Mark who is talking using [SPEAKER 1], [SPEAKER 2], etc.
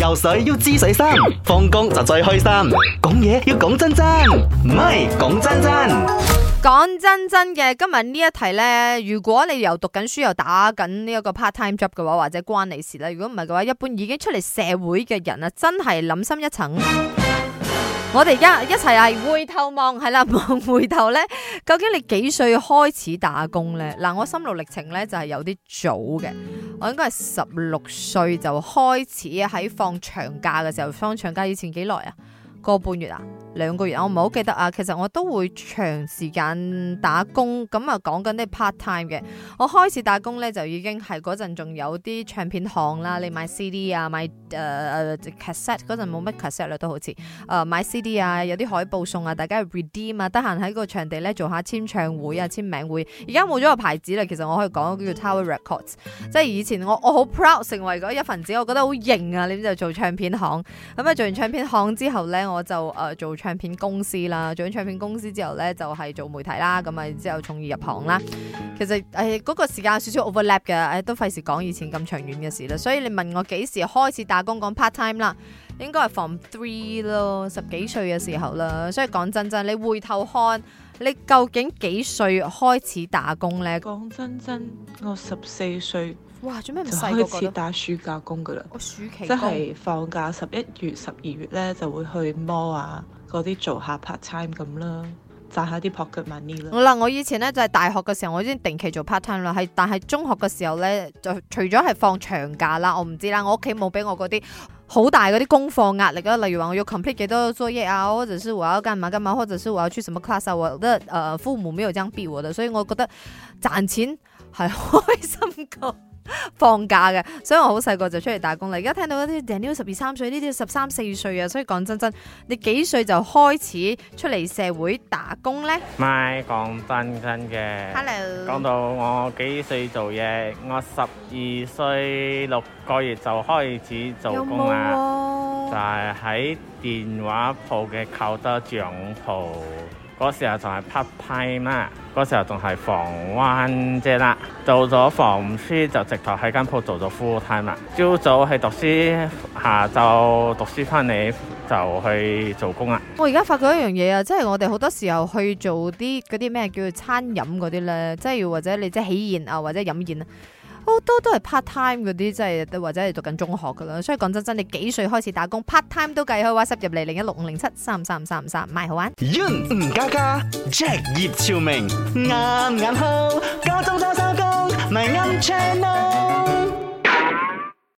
[SPEAKER 1] 游水要知水深，放工就最開心。講嘢要講真真，唔係講真真。
[SPEAKER 2] 講真真嘅，今日呢一題呢，如果你又讀緊書又打緊呢一個 part time job 嘅話，或者關你事啦。如果唔係嘅話，一般已經出嚟社會嘅人啊，真係諗深一層。 我哋而家一齊係回頭望，係啦，望回頭呢，究竟你幾歲開始打工呢？嗱，我心路歷程呢，就係有啲早嘅。我應該係十六歲就開始喺放長假嘅時候，放長假以前幾耐啊？個半月啊？兩個月，我唔係好記得啊。其實我都會長時間打工，咁啊講緊啲 part time 嘅。我開始打工咧，就已經係嗰陣仲有啲唱片行啦，你買 CD 啊，買誒誒、呃啊、cassette 嗰陣冇乜 cassette 啦，都好似誒、呃、買 CD 啊，有啲海報送啊，大家 redeem 啊，得閒喺個場地咧做下簽唱會啊、簽名會，而家冇咗個牌子啦，其實我可以講叫 Tower Records，即係以前我我好 proud 成為嗰一份子，我覺得好型啊，你哋就做唱片行。咁、嗯、啊做完唱片行之後咧，我就誒、呃、做唱。唱片公司啦，做完唱片公司之後呢，就係、是、做媒體啦，咁啊之後從而入行啦。其實誒，嗰、呃嗰個時間有少少 overlap 嘅，誒、呃、都費事講以前咁長遠嘅事啦。所以你問我幾時開始打工講 part time 啦？應該係 Form three 咯，十幾歲嘅時候啦。所以講真真，你回頭看你究竟幾歲開始打工呢？講真真，我十四歲哇，做咩唔細個開始打暑假工㗎啦？我暑期即係放假十一月、十二月呢就會去摩啊嗰啲做下 part time 咁啦，賺下啲 pocket money 啦。我以前呢就係、是、大學嘅時候，我已經定期做 part time 啦。喺但係中學嘅時候呢，就除咗係放長假啦，我唔知啦，我屋企冇俾我嗰啲。好大嗰啲功課壓力啊！例如話我要 complete 幾多作業啊，或者是我要幹嘛幹嘛，或者是我要去什麼 class 啊！我覺得，誒、呃、父母沒有這樣逼我的，所以我覺得賺錢係開心過。 放假嘅，所以我好細個就出嚟打工啦。而家聽到啲人，呢個十二三歲呢啲十三四歲啊，所以講真真，你幾歲就開始出嚟社會打工呢？
[SPEAKER 1] 咪講真真嘅，Hello，講到我幾歲做嘢，我十二歲六個月就開始做工啦。有就係喺電話鋪嘅靠得獎鋪，嗰時候仲係 part time 啦，嗰時候仲係防彎啫啦。做咗防書就直頭喺間鋪做咗 full time 啦。朝早去讀書，下晝讀書翻嚟就去做工啦。
[SPEAKER 2] 我而家發覺一樣嘢啊，即係我哋好多時候去做啲嗰啲咩叫做餐飲嗰啲咧，即係或者你即係喜宴啊，或者飲宴啊。好多都係 part time 嗰啲，即係或者係讀緊中學噶啦，所以講真真，你幾歲開始打工 part time 都計開，WhatsApp 入嚟零
[SPEAKER 1] 一六五零七三三三三唔係好玩。